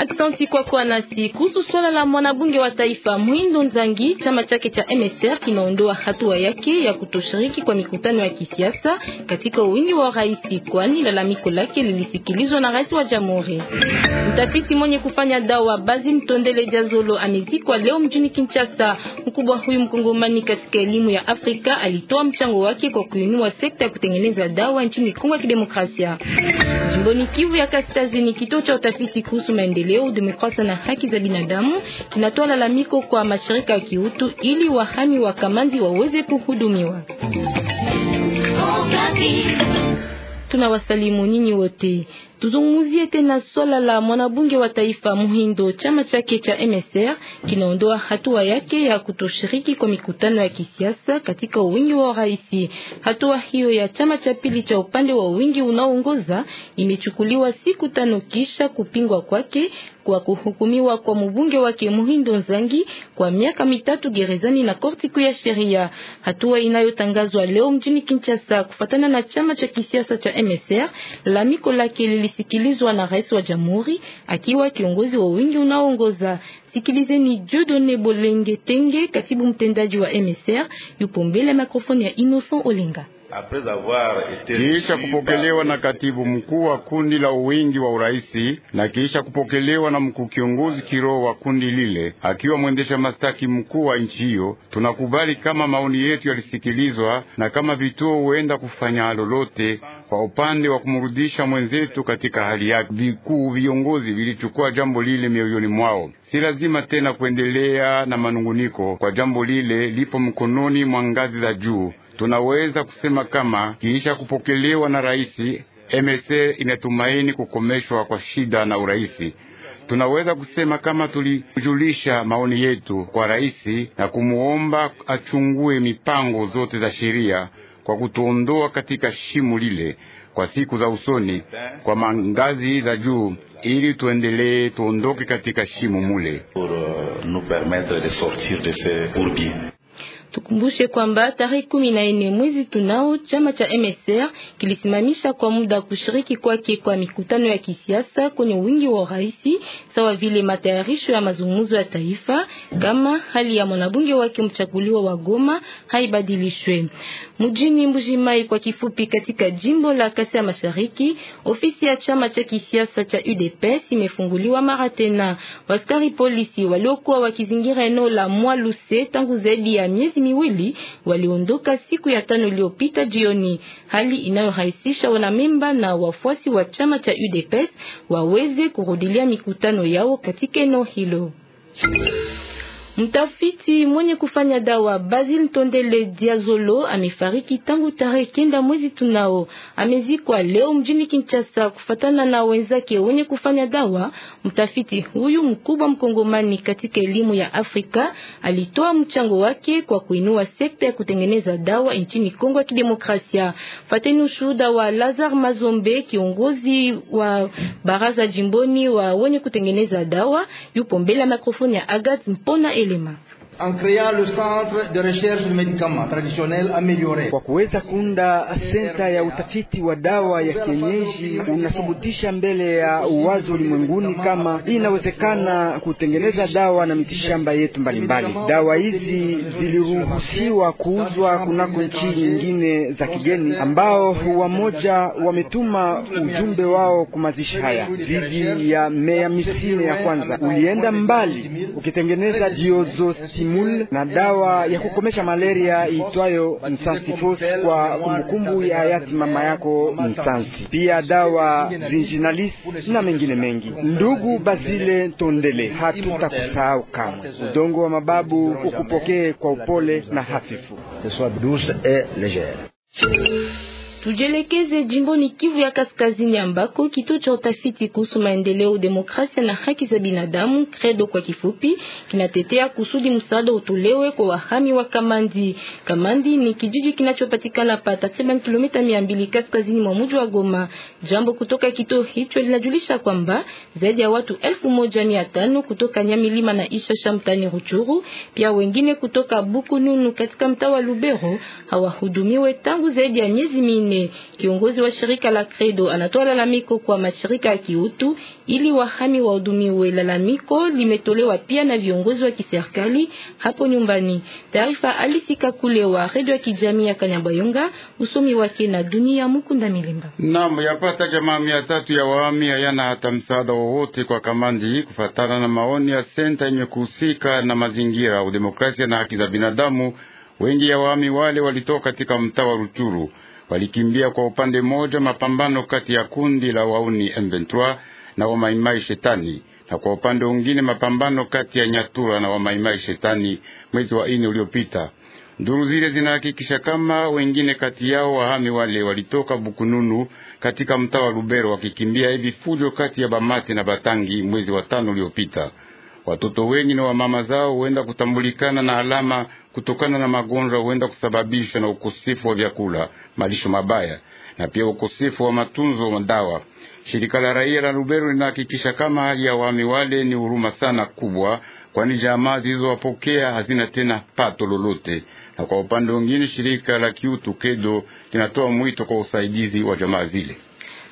Aksanti kwa kwa nasi kuhusu swala la mwanabunge wa taifa Mwindo Nzangi, chama chake cha MSR kinaondoa hatua yake ya kutoshiriki kwa mikutano ya kisiasa katika wingi wa rais, kwani lalamiko lake lilisikilizwa na rais wa jamhuri. Mtafiti mwenye kufanya dawa Bazi Mtondele Jazolo amezikwa leo mjini Kinshasa. Mkubwa huyu mkongomani katika elimu ya Afrika alitoa mchango wake kwa kuinua sekta ya kutengeneza dawa nchini Kongo ya Kidemokrasia. Jimboni Kivu ya Kaskazini, kituo cha utafiti kuhusu maendeleo maendeleo, demokrasia na haki za binadamu kinatoa lalamiko kwa mashirika ya kiutu ili wahami wa Kamanzi waweze kuhudumiwa. Oh, Tunawasalimu nyinyi wote. Tuzungumzie tena swala la mwanabunge wa taifa Muhindo. Chama chake cha MSR kinaondoa hatua yake ya kutoshiriki kwa mikutano ya kisiasa katika wingi wa rais. Hatua hiyo ya chama cha pili cha upande wa wingi unaoongoza imechukuliwa siku tano kisha kupingwa kwake kwa kuhukumiwa kwa mbunge wake Muhindo Nzangi kwa miaka mitatu gerezani na korti kuu ya sheria. Hatua inayotangazwa leo mjini Kinshasa kufatana na chama cha kisiasa cha MSR la miko lake amesikilizwa na rais wa jamhuri akiwa kiongozi wa wingi unaoongoza. Sikilizeni Jodone Bolenge Tenge, katibu mtendaji wa MSR, yupo mbele ya mikrofoni ya Innocent Olenga kisha kupokelewa na katibu mkuu wa kundi la uwingi wa uraisi na kisha kupokelewa na mkuu kiongozi kiroho wa kundi lile akiwa mwendesha mastaki mkuu wa nchi hiyo. Tunakubali kama maoni yetu yalisikilizwa na kama vituo huenda kufanya lolote kwa upande wa kumrudisha mwenzetu katika hali yake. Vikuu viongozi vilichukua jambo lile mioyoni mwao. Si lazima tena kuendelea na manunguniko kwa jambo lile, lipo mkononi mwa ngazi za juu tunaweza kusema kama kiisha kupokelewa na raisi, MSC inatumaini kukomeshwa kwa shida na uraisi. Tunaweza kusema kama tulijulisha maoni yetu kwa raisi na kumuomba achungue mipango zote za sheria kwa kutuondoa katika shimo lile kwa siku za usoni kwa mangazi za juu ili tuendelee tuondoke katika shimo mule. Euh, Tukumbushe kwamba tarehe kumi na nne mwezi tunao chama cha MSR kilisimamisha kwa muda kushiriki kwake kwa mikutano ya kisiasa kwenye wingi wa rais, sawa vile matayarisho ya mazungumzo ya taifa, kama hali ya mwanabunge wake mchaguliwa wa Goma haibadilishwe. Mjini Mbujimai kwa kifupi, katika jimbo la Kasai Mashariki, ofisi ya chama cha kisiasa cha UDPS imefunguliwa mara tena. Waskari polisi waliokuwa wakizingira eneo la Mwaluse tangu zaidi ya miezi miezi miwili waliondoka siku ya tano iliyopita jioni, hali inayorahisisha wanamemba na wafuasi wa chama cha UDPS waweze kurudilia mikutano yao katika eneo hilo. Mtafiti mwenye kufanya dawa Basil Tondele Diazolo amefariki tangu tarehe kenda mwezi tunao. Amezikwa leo mjini Kinshasa kufatana na wenzake wenye kufanya dawa. Mtafiti huyu mkubwa mkongomani katika elimu ya Afrika alitoa mchango wake kwa kuinua sekta ya kutengeneza dawa nchini Kongo ya Kidemokrasia. Fateni ushuhuda wa Lazar Mazombe, kiongozi wa baraza jimboni wa wenye kutengeneza dawa, yupo mbele ya mikrofoni ya Agat Mpona ඉලිමක් en créant le centre de recherche du médicament Kwa kuweza kuunda senta ya utafiti wa dawa ya kienyeji, unasubutisha mbele ya uwazi ulimwenguni kama inawezekana kutengeneza dawa na mitishamba yetu mbalimbali. Dawa hizi ziliruhusiwa kuuzwa kunako nchi nyingine za kigeni, ambao wamoja wametuma ujumbe wao kumazishi haya dhidi ya mea misine ya kwanza ulienda mbali ukitengeneza diozosima Mul na dawa ya kukomesha malaria itwayo Msansifos kwa kumbukumbu ya hayati mama yako Msansi, pia dawa Zinjinalis na mengine mengi. Ndugu Basile Tondele, hatutakusahau kamwe. Udongo wa mababu ukupokee kwa upole na hafifu. Tujelekeze jimboni Kivu ya Kaskazini, ambako kituo cha utafiti kuhusu maendeleo, demokrasia na haki za binadamu, Credo kwa kifupi, kinatetea kusudi msaada utolewe kwa wahami wa Kamandi. Kamandi ni kijiji kinachopatikana pa takriban kilomita 200 kaskazini mwa mji wa Goma. Jambo kutoka kituo hicho linajulisha kwamba zaidi ya watu 1500 kutoka Nyamilima na Ishasha mtani Ruchuru, pia wengine kutoka Bukununu katika mtaa wa Lubero hawahudumiwe tangu zaidi ya miezi minne nne. Kiongozi wa shirika la Credo anatoa lalamiko kwa mashirika ya kiutu ili wahami wahudumiwe. Lalamiko limetolewa pia na viongozi wa kiserikali hapo nyumbani. Taarifa alisika kule wa redio ya kijamii ya Kanyabayonga, usomi wake na dunia Mukunda Milimba. Naam, yapata jamaa mia tatu ya wahami hayana hata msaada wowote kwa kamandi, kufatana na maoni ya senta yenye kuhusika na mazingira, udemokrasia na haki za binadamu. Wengi ya wahami wale walitoka katika mtaa wa Ruchuru walikimbia kwa upande mmoja mapambano kati ya kundi la wauni M23 na wamaimai shetani na kwa upande mwingine mapambano kati ya Nyatura na wamaimai shetani mwezi wa ine uliopita. Nduru zile zinahakikisha kama wengine kati yao wahami wale walitoka Bukununu katika mtaa wa Lubero wakikimbia hivi fujo kati ya Bamati na Batangi mwezi wa tano uliopita. Watoto wengi na wamama zao huenda kutambulikana na alama kutokana na magonjwa huenda kusababishwa na ukosefu wa vyakula, malisho mabaya na pia ukosefu wa matunzo wa dawa. Shirika la raia la Lubero linahakikisha kama hali ya wami wale ni huruma sana kubwa, kwani jamaa zilizowapokea hazina tena pato lolote. Na kwa upande mwingine, shirika la kiutu Kedo linatoa mwito kwa usaidizi wa jamaa zile.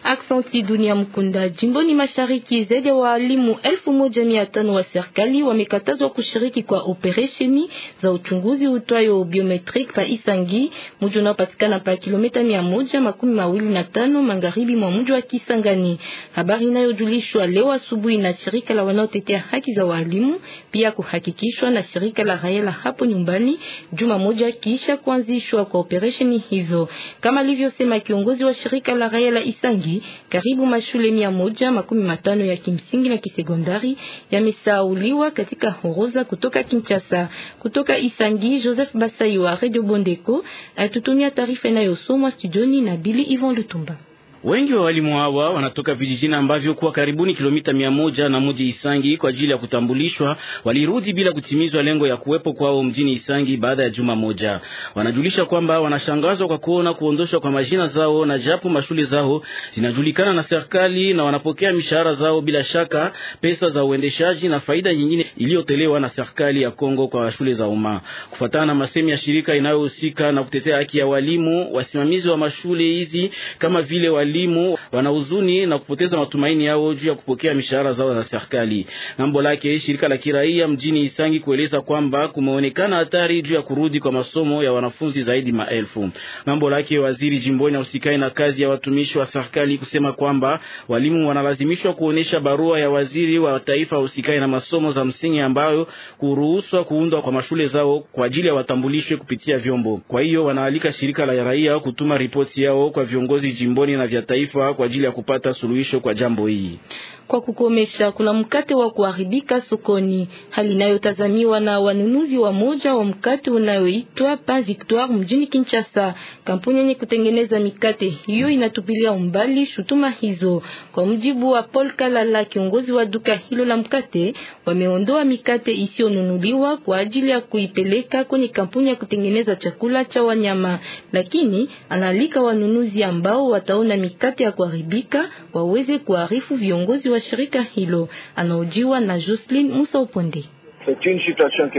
Aksanti Dunia Mkunda. Jimboni Mashariki, zaidi ya waalimu elfu moja mia tano wa serikali wamekatazwa kushiriki kwa operesheni za uchunguzi utwayo biometrik pa Isangi, mji unaopatikana pa kilomita mia moja makumi mawili na tano magharibi mwa mji wa Kisangani. Habari inayojulishwa leo asubuhi na shirika la wanaotetea haki za waalimu, pia kuhakikishwa na shirika la raia la hapo nyumbani, juma moja kisha kuanzishwa kwa operesheni hizo, kama alivyosema kiongozi wa shirika la raia la Isangi Ituri, karibu mashule mia moja makumi matano ya kimsingi na kisekondari yamesauliwa katika horoza kutoka Kinshasa. Kutoka Isangi, Joseph Basai wa Radio Bondeko atutumia taarifa inayosomwa studioni na bili Ivan Lutumba. Wengi wa walimu hawa wanatoka vijijini ambavyo kuwa karibuni kilomita mia moja na mji Isangi kwa ajili ya kutambulishwa. Walirudi bila kutimizwa lengo ya kuwepo kwao mjini Isangi baada ya juma moja. Wanajulisha kwamba wanashangazwa kwa kuona kuondoshwa kwa majina zao, na japo mashule zao zinajulikana na serikali na wanapokea mishahara zao bila shaka, pesa za uendeshaji na faida nyingine iliyotolewa na serikali ya Kongo kwa shule za umma. Kufuatana na masemi ya shirika inayohusika na kutetea haki ya walimu, wasimamizi wa mashule hizi kama vile wali walimu wanahuzuni na kupoteza matumaini yao juu ya kupokea mishahara zao za serikali. Ngambo lake shirika la kiraia mjini Isangi kueleza kwamba kumeonekana hatari juu ya kurudi kwa masomo ya wanafunzi zaidi maelfu. Ngambo lake waziri jimboni na usikai na kazi ya watumishi wa serikali kusema kwamba walimu wanalazimishwa kuonesha barua ya waziri wa taifa usikai na masomo za msingi ambayo kuruhuswa kuundwa kwa mashule zao kwa ajili ya watambulishwe kupitia vyombo. Kwa hiyo wanaalika shirika la raia kutuma ripoti yao kwa viongozi jimboni na vya vya taifa kwa ajili ya kupata suluhisho kwa jambo hili kwa kukomesha kuna mkate wa kuharibika sokoni, hali inayotazamiwa na wanunuzi wa moja wa mkate unayoitwa Pain Victoire mjini Kinshasa. Kampuni yenye kutengeneza mikate hiyo inatupilia umbali shutuma hizo. Kwa mjibu wa Paul Kalala, kiongozi wa duka hilo la mkate, wameondoa mikate isiyonunuliwa kwa ajili ya kuipeleka kwenye kampuni ya kutengeneza chakula cha wanyama, lakini analika wanunuzi ambao wataona mikate ya kuharibika waweze kuarifu viongozi wa wa shirika hilo anaojiwa na Jocelyn Musa Uponde.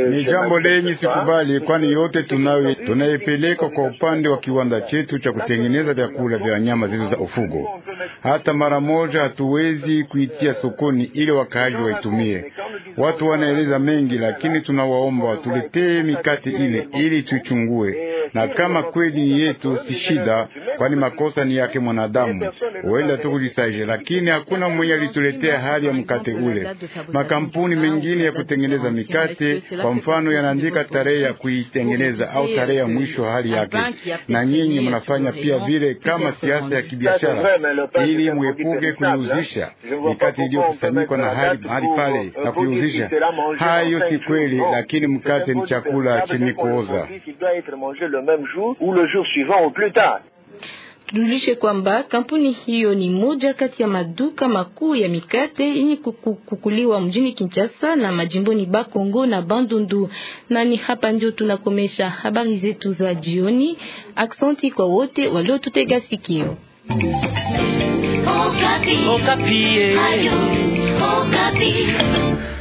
Ni jambo lenye sikubali, kwani yote tunawe tunayepeleka kwa upande wa kiwanda chetu cha kutengeneza vyakula vya wanyama zetu za ufugo. Hata mara moja hatuwezi kuitia sokoni ili wakaaji waitumie. Watu wanaeleza mengi, lakini tunawaomba watuletee mikate ile ili tuichungue na kama kweli ni yetu, si shida, kwani makosa ni yake mwanadamu, huenda tu kujisaisha, lakini hakuna mwenye alituletea hali ya mkate ule. Makampuni mengine ya kutengeneza mikate kwa mfano yanaandika tarehe ya kuitengeneza au tarehe ya mwisho hali yake, na nyinyi mnafanya pia vile kama siasa ya kibiashara, ili mwepuke kuiuzisha mikate iliyokusanyikwa na hali mahali pale na kuiuzisha. Hayo si kweli, lakini mkate ni chakula chenye kuoza le même jour ou le jour suivant au plus tard. Tujulishe kwamba kampuni hiyo ni moja kati ya maduka makuu ya mikate yenye kukukuliwa mjini Kinshasa na majimboni Bakongo na Bandundu. Na ni hapa ndio tunakomesha habari zetu za jioni. Aksanti kwa wote waliotutega sikio. Okapi. Okapi. Eh. Ayu. Okapi.